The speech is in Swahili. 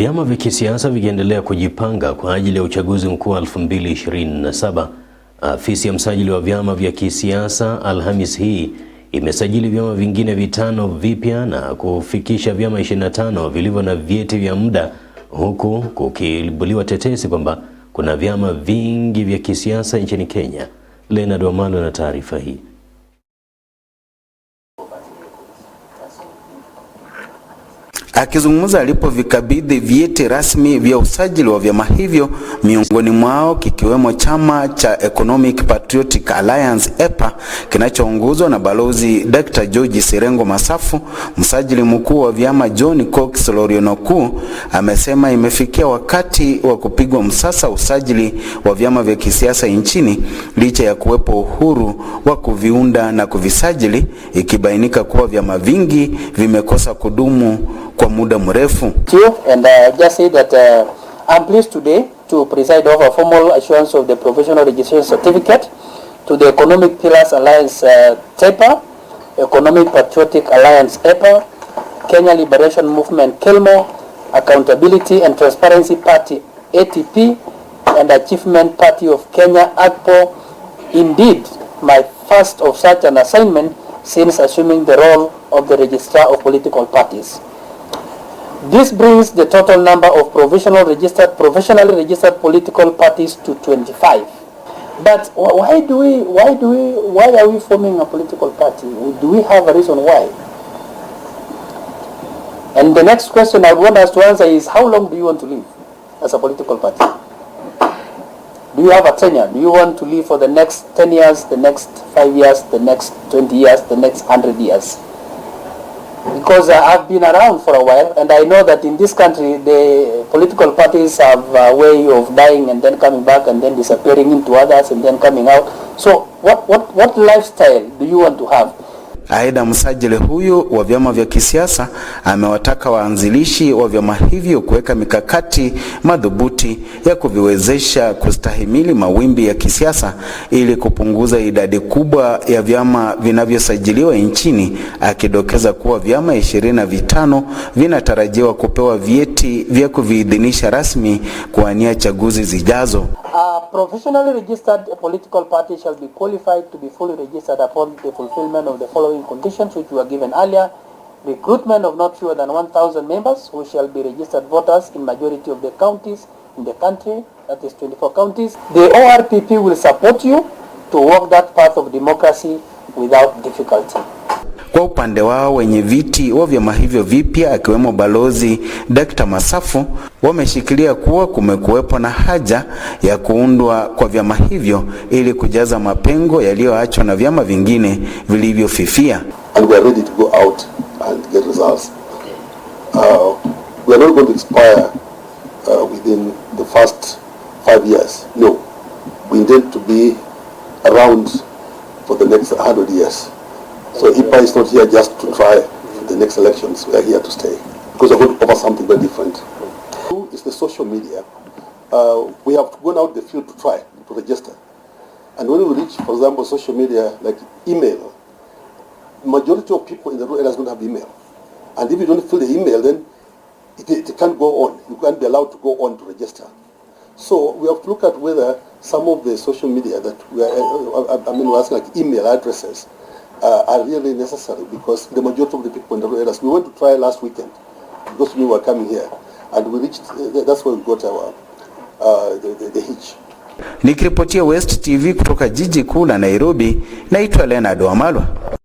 Vyama vya kisiasa vikiendelea kujipanga kwa ajili ya uchaguzi mkuu wa 2027, afisi ya msajili wa vyama vya kisiasa Alhamis hii imesajili vyama vingine vitano vipya na kufikisha vyama 25 vilivyo na vyeti vya muda, huku kukibuliwa tetesi kwamba kuna vyama vingi vya kisiasa nchini Kenya. Leonard Wamalo na taarifa hii. Akizungumza alipovikabidhi vyeti rasmi vya usajili wa vyama hivyo, miongoni mwao kikiwemo chama cha Economic Patriotic Alliance EPA kinachoongozwa na Balozi Dr. George Sirengo Masafu, msajili mkuu wa vyama John Cox Lorionoku amesema imefikia wakati wa kupigwa msasa usajili wa vyama vya kisiasa nchini, licha ya kuwepo uhuru wa kuviunda na kuvisajili, ikibainika kuwa vyama vingi vimekosa kudumu kwa muda mrefu. And I uh, just say that uh, I'm pleased today to preside over formal assurance of the provisional registration certificate to the Economic Pillars Alliance uh, e Economic Patriotic Alliance EPA, Kenya Liberation Movement KELMO, Accountability and Transparency Party ATP and Achievement Party of Kenya acpo Indeed, my first of such an assignment since assuming the role of the Registrar of Political Parties. This brings the total number of provisional registered, professionally registered political parties to 25. But why do we, why do we, why are we forming a political party? Do we have a reason why? And the next question I want us to answer is how long do you want to live as a political party? Do you have a tenure? Do you want to live for the next 10 years, the next 5 years, the next 20 years, the next 100 years? because I've been around for a while and I know that in this country the political parties have a way of dying and then coming back and then disappearing into others and then coming out. So what, what, what lifestyle do you want to have? Aidha, msajili huyu wa vyama vya kisiasa amewataka waanzilishi wa vyama hivyo kuweka mikakati madhubuti ya kuviwezesha kustahimili mawimbi ya kisiasa ili kupunguza idadi kubwa ya vyama vinavyosajiliwa nchini, akidokeza kuwa vyama ishirini na vitano vinatarajiwa kupewa vyeti vya kuviidhinisha rasmi kuwania chaguzi zijazo. A professionally registered political party shall be qualified to be fully registered upon the fulfillment of the following following conditions which were given earlier. Recruitment of not fewer than 1,000 members who shall be registered voters in majority of the counties in the country, that is 24 counties. The ORPP will support you to walk that path of democracy without difficulty. Kwa upande wao wenye viti wa vyama hivyo vipya akiwemo Balozi Dr. Masafu wameshikilia kuwa kumekuwepo na haja ya kuundwa kwa vyama hivyo ili kujaza mapengo yaliyoachwa na vyama vingine vilivyofifia. Uh, uh, for the next 100 years. So IPA is not here just to try the next elections. We are here to stay because we're going to cover something very different. Two is the social media. Uh, we have gone out the field to try to register. And when we reach, for example, social media like email, majority of people in the rural areas don't have email. And if you don't fill the email, then it, it can't go on. You can't be allowed to go on to register. So we have to look at whether some of the social media that we are, uh, uh, I mean, we're asking like email addresses, uh, are really necessary because the majority of the people in the rural areas, we went to try last weekend because we were coming here and we reached, uh, that's where we got our, uh, the, the, the hitch. Nikiripotia West TV kutoka jiji kuu la Nairobi, naitwa Leonard Wamalwa.